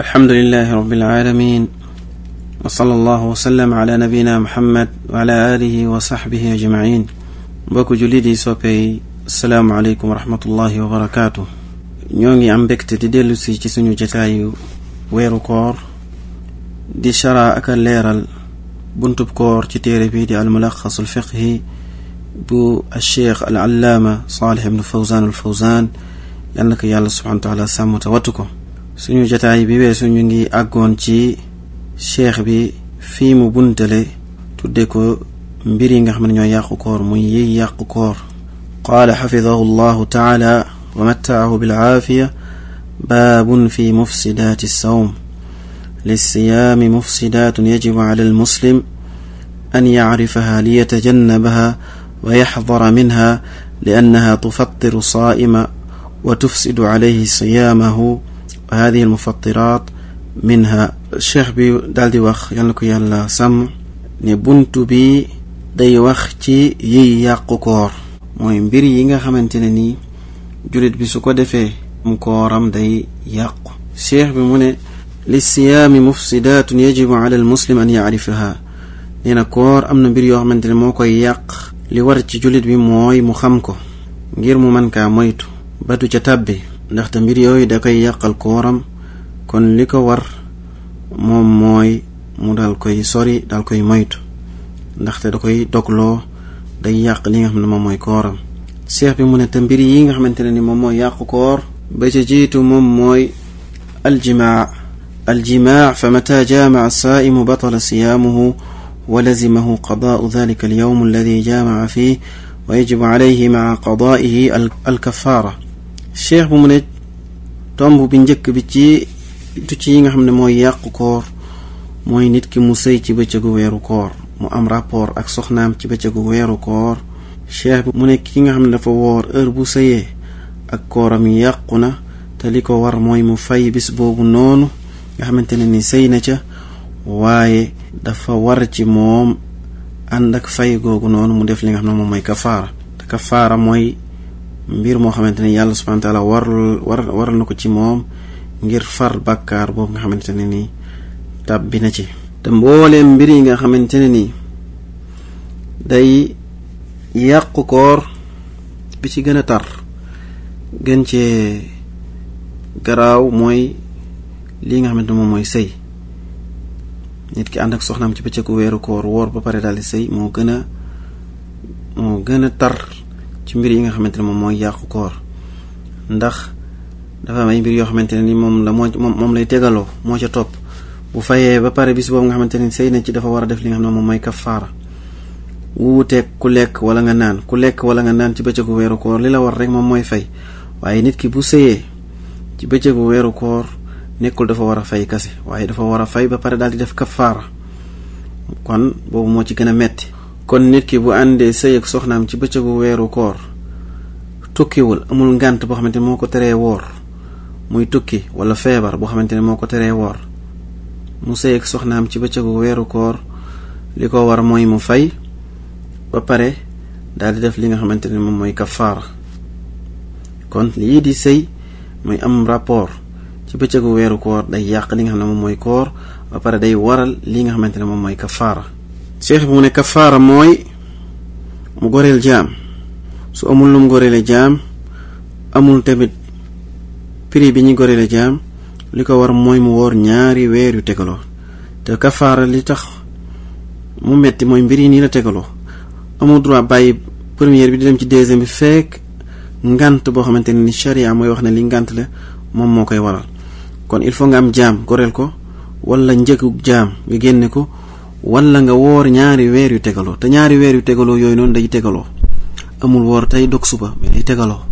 الحمد لله رب العالمين وصلى الله وسلم على نبينا محمد وعلى آله وصحبه أجمعين بكو جليدي سوبي السلام عليكم ورحمة الله وبركاته نيوني أمبكت ديدلو سي جسنو جتاي ويرو كور دي شرا أكل ليرال بنتب كور تتيري بي دي الملخص الفقهي بو الشيخ العلامة صالح بن فوزان الفوزان لأنك يا الله سبحانه وتعالى سامو توتكم suñu jataay bi weesu ñu ngi àggoon ci cheikh bi fii mu buntale tudde ko mbir yi nga xam ne ñoo yàqu koor muy yiy yàqu koor qaala xafidahu allahu taala wa mattaahu bilcaafiya baabun fi mufsidaati alsawm للصيام مفسدات يجب على المسلم أن يعرفها ليتجنبها ويحذر منها لأنها تفطر صائم وتفسد عليه صيامه هذه المفطرات منها الشيخ بي دال دي وخ يلنكو يلا سم نبنت بي داي وخ تي يي قكور موي مبير ييغا خمانتيني جوريت بي سوكو ديفي مكورام داي يق الشيخ بي موني للصيام مفسدات يجب على المسلم ان يعرفها نينا كور امنا بير يو خمانتيني موكو يق لي ورتي جوليت بي موي مخمكو غير مو مانكا مويتو بادو تابي ndaxte mbir yooyu da koy yàqal kooram kon li ko war moom mooy mu dal koy sori dal koy moytu ndaxte da koy dogloo day yàq li nga xam ne moom mooy kooram seex bi mu ne te mbir yi nga xamante ne ni moom mooy yàqu koor ba ca jiitu moom mooy aljimaa aljimaa fa mata jaamaca saaimu batala siyaamuhu wa lazimahu qadaau dalika alyawm alladi jaamaca fii wa yajibu calayhi maca qadaa'ihi alkafaara cheikh bu mu ne tomb bi njëkk bi ci tucc yi nga xam ne mooy yàqu koor mooy nit ki mu sëy ci bëccëgu weeru koor mu am rapport ak soxnaam ci bëccëgu weeru koor cheikh bi mu ne ki nga xam ne dafa woor heure bu sëyee ak kooram yàqu na te li ko war mooy mu fay bis boobu noonu nga xamante ne ni sëy na ca waaye dafa war ci moom ànd ak fay googu noonu mu def li nga xam ne moom mooy kafaara te kafaara mooy mbir moo xamante ne yàlla subhanahu wa taala war waral na ko ci moom ngir far bàkkaar boobu nga xamante ne nii bi na ci te mbooleem mbir yi nga xamante ne nii day yàqu koor bi ci gën a tar gën cee garaaw mooy lii nga xamante ne moom mooy sëy nit ki ànd ak soxnaam ci ko weeru koor woor ba pare dal di sëy moo gën a moo gën a tar ci mbir yi nga xamante mom moy yaq koor ndax dafa may mbir yo xamante ni mom la mom moom lay tegalo mo ca top bu fayé ba paré bis boobu nga xamante ne na ci dafa wara def li nga xam mom moy mooy wuté ku lek wala nga nan ku lek wala nga nan ci beccu wéru koor lila war rek mom moy fay waaye nit ki bu seyé ci beccu wéru koor nekul dafa wara fay kasse waaye dafa wara fay ba paré dal di def kafaara kon bobu mo ci gëna metti kon nit ki bu andé sëy ak soxnam ci bëccëgu wéru koor wul amul ngànt bo xamanteni moko téré wor muy tukki wala feebar bo xamanteni moko téré wor mu sëy ak soxnam ci bëccëgu wéru koor liko war moy mu fay ba pare dal di def li nga xamanteni mom moy kafar kon li di sëy muy am rapport ci bëccëgu wéru koor day yàq li nga xamanteni mom moy koor ba pare day waral li nga xamanteni mom moy mooy cheikh bu ne kafara mooy mu goreel jaam su amul lu mu goreele jaam amul tamit prix bi ñu goreele jaam li war mooy mu woor ñaari weer yu tegaloo te kafara li tax mu metti mooy mbir yi nii la tegaloo amul droit bàyyi premier bi di dem ci deuxième bi fekk ngant boo xamante ni sharia mooy wax ne li ngant la moom moo waral kon il faut nga am jaam goreel ko wala njëgu jam? nga génne ko wala nga woor ñaari weer yu tegaloo te ñaari weer yu tegaloo yooyu noonu day tegaloo amul woor tey dog suba mais day tegaloo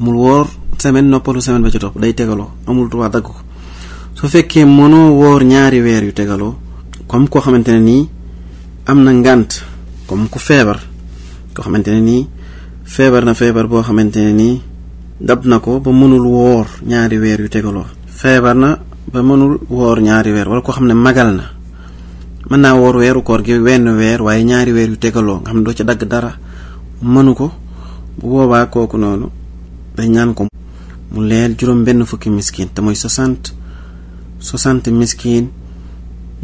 amul woor semaine noppalu semaine ba ci topp day tegaloo amul droit dagg ko su fekkee mënoo woor ñaari weer yu tegaloo comme koo xamante ne nii am na ngànt comme ku feebar koo xamante ne nii feebar na feebar boo xamante ne nii dab na ko ba mënul woor ñaari weer yu tegaloo feebar na ba mënul woor ñaari weer wala koo xam ne magal na mën naa woor weeru koor gi wenn weer waaye ñaari weer yu tegaloo nga xam ne doo ca dagg dara mënu ko bu boobaa kooku noonu dañ naan ko mu leel juróom benn fukki miskin te mooy soixante soixante miskin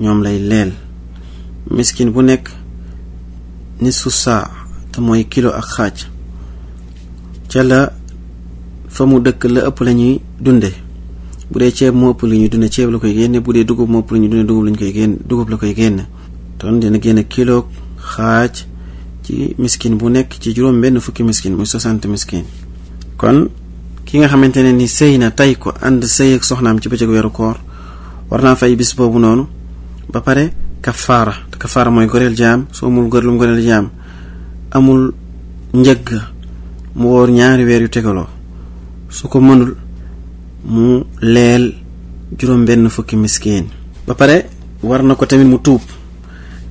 ñoom lay leel miskin bu nekk nisfu saa te mooy kilo ak xaaj ca la fa mu dëkk la ëpp la ñuy dunde Bude dee ceeb mu ëpp li ñu dune ceeb la koy génne bu dugub mo ëpp li ñu dune dugub lañ koy génn dugub la koy génne ton dina génne kilo xaaj ci miskin bu nekk ci juróom benn fukki miskin muy 60 miskin kon ki nga xamantene ni sëy na tay ko and sey ak soxnaam ci bëccëg wéru koor war naa fay bis boobu noonu ba pare kafara te kafaara mooy goreel jaam soo amul goreel mu goreel jaam amul njëgg mu woor ñaari weer yu tegaloo su ko mënul mu leel juróom benn fukki miskin ba pare war na ko tamit mu tuub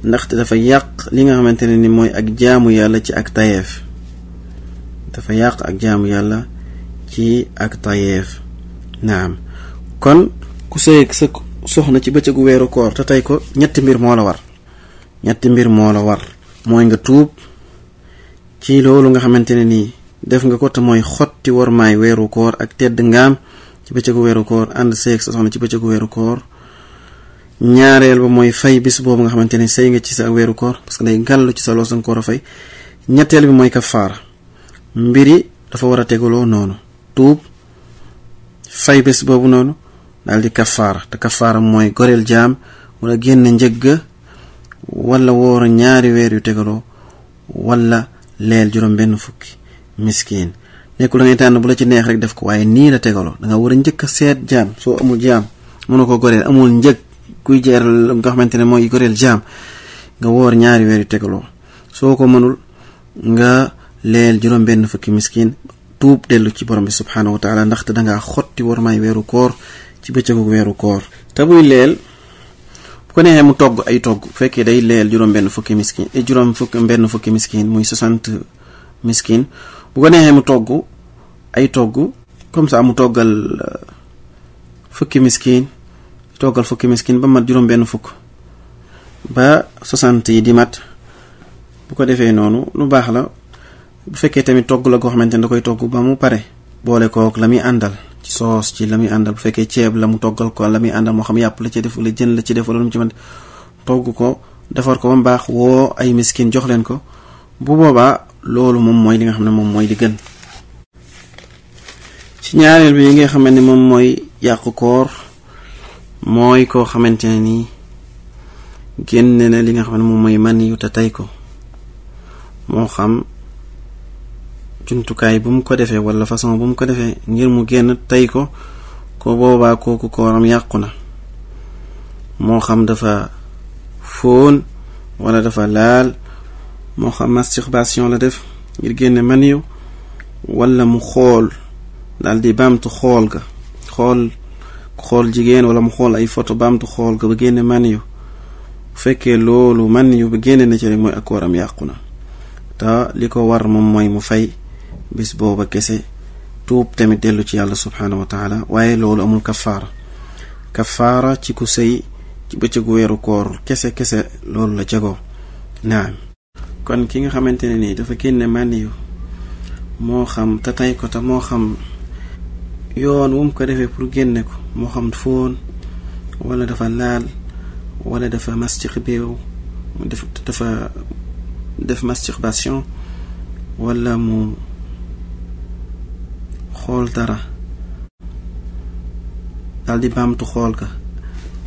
ndaxte dafa yàq li nga xamante ne ni mooy ak jaamu yàlla ci ak tayeef dafa yàq ak jaamu yàlla ci ak tayeef naam kon ku sëy sa soxna ci bëccëgu weeru koor te tey ko ñetti mbir moo la war ñetti mbir moo la war mooy nga tuub ci loolu nga xamante ne nii def nga ko te mooy xotti war maay weeru koor ak tedd ngaam ci bëccëgu weeru koor ànd seeg sa soxna ci bëccëgu weeru koor ñaareel ba mooy fay bis boobu nga xamante ni sëy nga ci sa weeru koor parce que day gàllu ci sa loos danga ko ñetteel bi mooy kafaara mbiri dafa war a tegaloo noonu tuub fay bés boobu noonu dal di kafaara te kafaara mooy goreel jaam wala génn njëgg wala woor ñaari weer yu tegaloo wala leel juróom benn fukki miskin nekkul da ngay tànn bu la ci neex rek def ko waaye nii la tegaloo danga nga war a njëkk a seet jaam soo amul jaam mënu ko goreel amul njëg kuy jeeral nga xamante ne mooy goreel jaam nga woor ñaari weer yu tegaloo soo ko mënul nga leel juróom benn fukki miskin tuub dellu ci borom bi subxanahu wa taala ndaxte da ngaa xotti war may weeru koor ci bëccëgu weeru koor. te buy leel bu ko neexee mu togg ay togg bu fekkee day leel juróom benn fukki miskin eh, juróom fukki benn fukki miskin muy soixante miskin. bu ko neexee mu togg ay togg comme ça mu toggal euh, fukki miskin toggal fukki miskin ba mat juróom-benn fukk ba soixante yi di mat bu ko defee noonu lu baax la bu fekkee tamit togg la goo xamante ne da koy togg ba mu pare boole kook la muy àndal ci soos ci la muy àndal bu fekkee ceeb la mu toggal ko la muy àndal moo xam yàpp la ci def wala jën la ci def wala lu mu ci mën togg ko defar ko ba mu baax woo ay miskin jox leen ko bu boobaa loolu moom mooy li nga xam ne moom mooy li ci ñaareel bi yi nga xamante ne moom mooy yàqu koor mooy koo xamante ne nii génn génne na li nga xam ne moom mooy man yu te tey ko moo xam jumtukaay bu mu ko defee wala façon bu mu ko defee ngir mu génn tey ko ko boobaa kooku kooram yàqu na moo xam dafa fóon wala dafa laal mo xam masturbation la def ngir génne maniyu wala mu xool dal di bamtu xool ga xool xool jigéen wala mu xool ay photo bamtu xool ga ba génne maniyu bu fekkee loolu maniyu ba génne na ci rek mooy ak waram yàqu na te li ko war moom mooy mu fay bis booba kese tuub tamit dellu ci yàlla subhaanahu wa taala waaye loolu amul kafaara kafaara ci ku sëy ci bëccëgu weeru koor kese kese loolu la jagoo naam kon ki nga xamante ne nii dafa génne mànniyu moo xam te tay moo xam yoon wu mu ko defee pour génne ko moo xam fóon wala dafa laal wala dafa mastic béew mu def dafa def masturbation wala mu xool dara daal di baamtu xool ka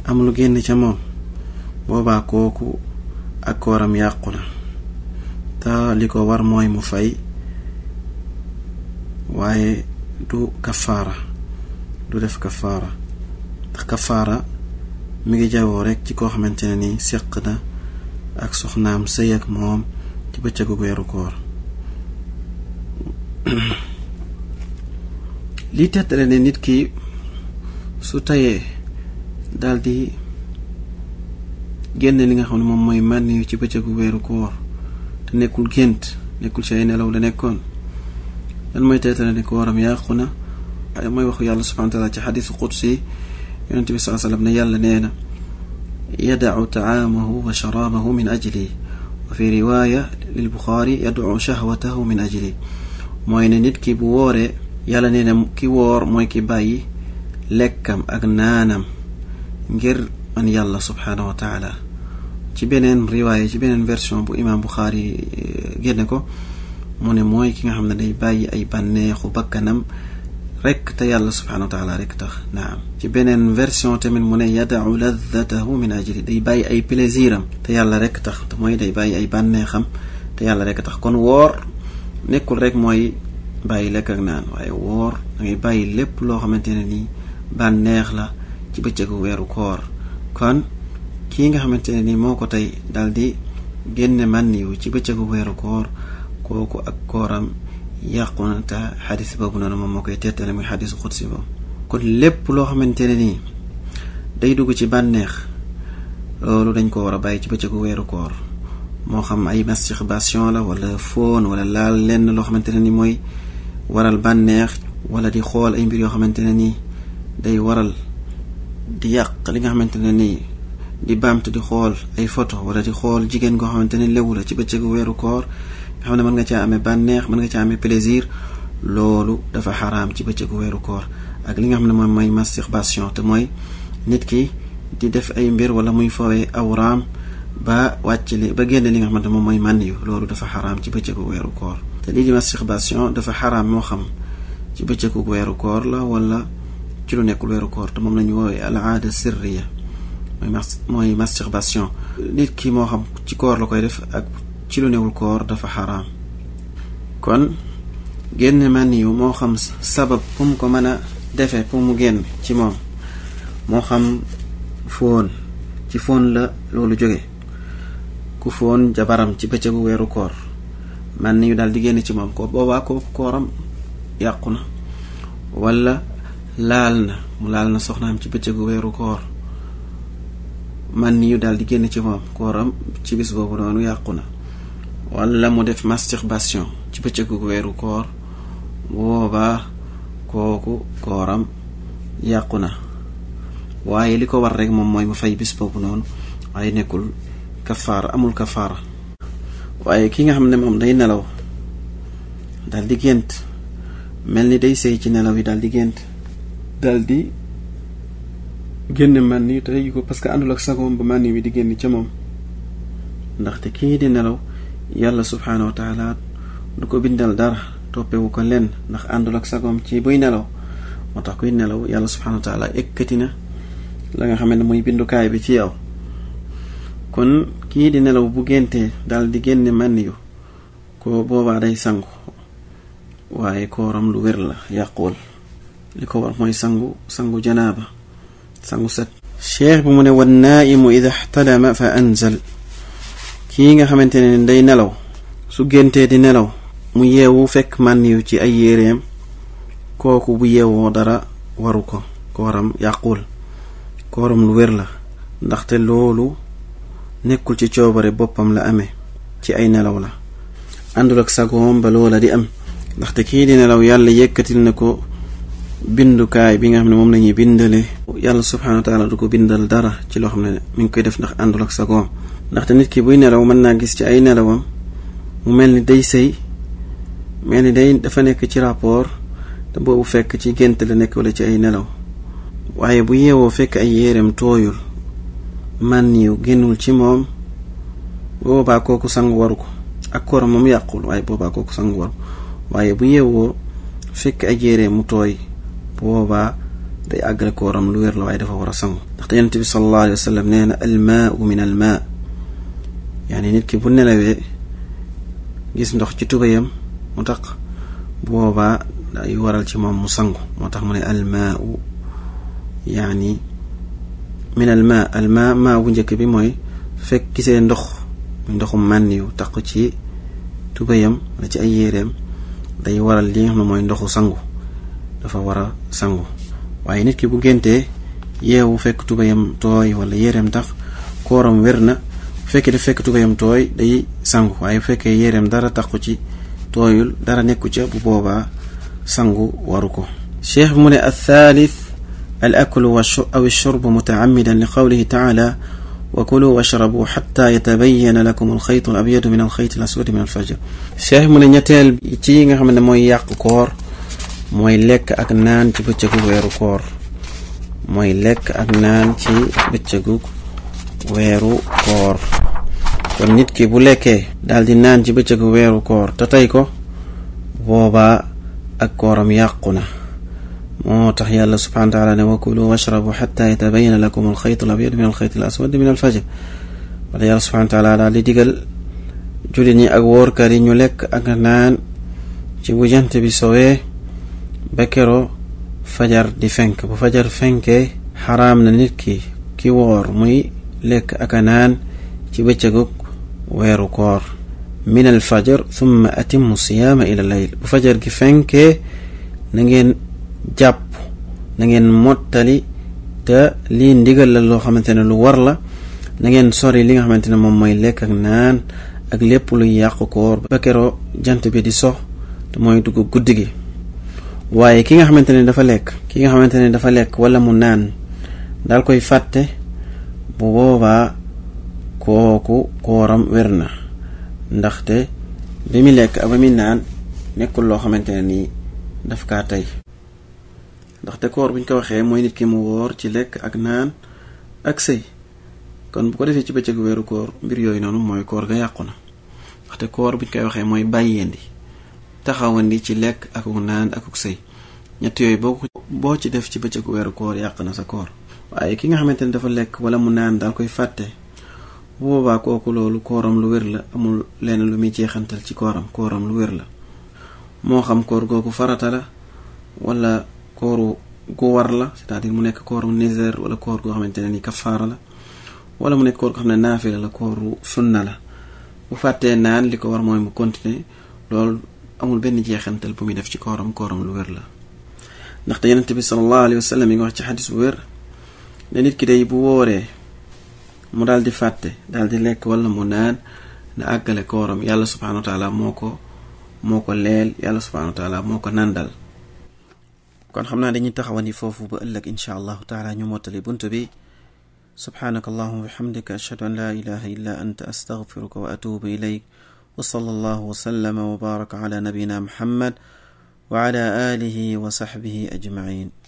am lu génn ca moom boobaa kooku ak kooram yàqu na état li ko war mooy mu fay waaye du kafaara du def kafaara ndax kafaara mi ngi jawoo rek ci koo xamante ne ni séq na ak soxnaam sëy ak moom ci bëccëgu weeru koor li tettale ne nit ki su tayee daldi génn li nga xam ne moom mooy mànniyu ci bëccëgu weeru koor نكل كنت نكل شيئنا لولا نكون الميتات لنا كورم ياخنا ما يوخي الله سبحانه وتعالى حديث قدسي ينتبه صلى الله عليه وسلم يلا نينا يدع طعامه وشرابه من أجلي وفي رواية للبخاري يدع شهوته من أجلي موين نيت كي بووري يلا نينا كي وور موي باي لكم أغنانم غير من يلا سبحانه وتعالى ci beneen riwaaya ci beneen version bu imam bukhari génne ko mu ne mooy ki nga xam ne day bàyyi ay bànneexu bakkanam rek te yàlla subhanahu wa taala rek tax naam ci beneen version tamit mu ne yadau ladatahu min ajli day bàyyi ay plaisir am te yàlla rek tax moy mooy day bàyyi ay bànneexam te yàlla rek tax kon woor nekkul rek mooy bàyyi lekk ak naan waaye woor da ngay bàyyi lépp loo xamante ne nii bànneex la ci bëccëgu weeru koor kon kii nga xamante ne ni moo ko tey dal di génne mànniyu ci bëccëgu weeru koor kooku ak kooram yàqu na te xadis boobu noonu moom moo koy tettale muy xadis si boobu kon lépp loo xamante ne nii day dugg ci bànneex loolu dañ ko war a bàyyi ci bëccëgu weeru koor moo xam ay masturbation la walla fóon wala laal lenn loo xamante ne ni mooy waral bànneex wala di xool ay mbir yoo xamante ne nii day waral di yàq li nga xamante ne nii di baamtu di xool ay photo wala di xool jigéen koo xamante ne lewu la ci bëccëgu weeru koor nga xam mën nga caa amee bànneex mën nga caa amee plaisir loolu dafa xaraam ci bëccëgu weeru koor ak li nga xam ne moom mooy masturbation te mooy nit ki di def ay mbir wala muy fowee awraam ba wàcc li ba génn li nga xamante moom mooy mànn yu dafa xaraam ci bëccëgu weeru koor te lii di masturbation dafa xaraam moo xam ci bëccëgu weeru koor la walla ci lu nekkul weeru koor te moom la ñu woowee al aada sirriya mooy masturbation nit ki moo xam ci koor la koy def ak ci lu newul koor dafa xaraam kon génn maniyu moo xam sabab fu mu ko mën a defee pour mu génn ci moom moo xam foon ci foon la loolu jóge ku foon jabaram ci bu weeru koor man maniyu daal di génn ci moom ko boobaa ko kooram yàqu na wala laal na mu laal na soxnaam ci bu weeru koor man yu daal di génn ci moom kooram ci bis boobu noonu yàqu na wala mu def masturbation ci bëccëgu weeru koor boobaa kooku kooram yàqu na waaye li ko war rek moom mooy mu fay bis boobu noonu waaye nekkul kafaara amul kafaara waaye ki nga xam ne moom day nelaw daldi di gént mel ni day sëy ci nelaw yi daal di génn mànni te yëgu ko parce que àndul ak sagoom ba mànni bi di génne ca moom ndaxte kii di nelaw yàlla subhaanahu wa taala du ko bindal dara toppewu ko lenn ndax àndul ak sagoom ci buy nelaw moo tax kuy nelaw yàlla subhaanahu wa taala na la nga xam ne mooy bindukaay bi ci yow kon kii di nelaw bu géntee daal di génne mànni ko boobaa day sangu waaye kooram lu wér la yàquwul li ko war mooy sangu sangu janaaba sangu set bi mu ne wan naaimu ida xtalama fa anzal kii nga xamante ne day nelaw su géntee di nelaw mu yeewu fekk mànn ci ay yéreem kooku bu yeewoo dara waru ko kooram yàqul kooram lu wér la ndaxte loolu nekkul ci coobare boppam la amee ci ay nelaw la àndul ak sagoom ba loola di am ndaxte kii di nelaw yàlla yëkkatil na ko bindukaay bi nga xam ne moom la ñuy bindale yàlla subhaanahu wa du ko bindal dara ci loo xam ne mi ngi koy def ndax àndul ak sagoom ndaxte nit ki buy nelaw mën naa gis ci ay nelawam mu mel ni day sëy mel ni day dafa nekk ci rapport te boobu fekk ci gént la nekk ci ay nelaw waaye bu yeewoo fekk ay yéeram tooyul man niw génnul ci moom boobaa kooku sangu waru ko ak kooram moom yàqul waaye boobaa kooku sangu waru waaye bu yeewoo fekk ay yéereem mu tooy booba day àggale kooram lu wér la waaye dafa war a sangu ndaxte yonent bi sallallahu alayhi wa sallam nee na almaau min almaa yaani nit ki bu nelawee gis ndox ci tubéyam mu taq boobaa day waral ci moom mu sangu moo tax mu ne almaau yaani min almaa almaa maa bu njëkk bi mooy fekk gisee ndox muy ndoxum mànniwu taq ci tubéyam wala ci ay yéreem day waral li nga xam ne mooy ndoxu sangu dafa wara a sangu waaye nit ki bu genté yewu fekk tubayam toy wala yerem tax koram werna fekk bu fekk tubayam toy day sangu waye fekk yerem dara taxu ci toyul dara neeku ci bu boba sangu waru ko cheikh bi mu ne althalith الأكل أو الشرب متعمدا لقوله تعالى وكلوا واشربوا حتى يتبين لكم الخيط الأبيض من الخيط الأسود من الفجر cheikh من ne تيغا ci nga xam ne mooy mooy lekk ak naan ci bëccëgu weeru koor mooy lekk ak naan ci bëccëgu weeru koor kon nit ki bu lekkee di naan ci bëccëgu weeru koor te tey ko boobaa ak kooram yàqu na moo tax yàlla subhanahu wa taala ne wakulu washrabu xata yatabayana lakum alxayt al abyad min alxayt al aswad min alfajr wala yàlla subhanahu wa taala daal di digal jullit ñi ak wóorkat yi ñu lekk ak naan ci bu jant bi sowee ba fajar di fenk bu fajar fenkee haram na nit ki ki wor muy lek ak ci wéru koor min al fajar thumma atimmu siyama ila layl bu fajar gi fenkee na ngeen japp na ngeen mottali te li ndigal la lo xamantene lu war la na ngeen sori li nga xamantene mom moy lek ak nan ak lepp lu yaq koor ba jant bi di sox te dugg waaye ki nga xamante ne dafa lekk ki nga xamante ne dafa lekk wala mu naan daal koy fàtte bu boobaa kooku kooram weer na ndaxte bi mu lekk ak muy naan nekkul loo xamante ne nii daf kaa tey ndaxte koor buñ ko waxee mooy nit ki mu woor ci lekk ak naan ak sëy kon bu ko defee ci bëccëgu weeru koor mbir yooyu noonu mooy koor ga yàqu na ndaxte koor ñu koy waxee mooy bàyyeen bàyyeendi taxawandi ci lekk ak naan akuk sëy ñetti yooyu boo ko boo ci def ci bëccëgu weeru koor yàq na sa koor waaye ki nga xamante ne dafa lekk wala mu naan daal koy fàtte boobaa kooku loolu kooram lu wér la amul lenn lu muy jeexantal ci kooram kooram lu wér la moo xam koor googu farata la wala kooru gu war la cest mu nekk kooru nizer wala koor goo xamante ne ni kafaara la wala mu nekk koor goo xam ne naafila la kooru sunna la bu fàttee naan li ko war mooy mu continuer loolu amul benn jeexantal bu muy def ci kooram kooram lu wér la ndaxte yonente bi salallahu alayhi wasallam yi nga wax ci xadis bu wér ne nit ki day bu wooree mu daal di fàtte daal di lekk wala mu naan na àggale kooram yàlla subhanahu wa taala moo ko moo ko leel yàlla subhanahu wa taala moo ko nandal kon xam naa dañuy taxawani foofu ba ëllëg insha allahu taala ñu mottali bunt bi subhanaka allahuma bihamdika ashhadu an la ilaha illa anta astaghfiruka wa atubu ilayk وصلى الله وسلم وبارك على نبينا محمد وعلى اله وصحبه اجمعين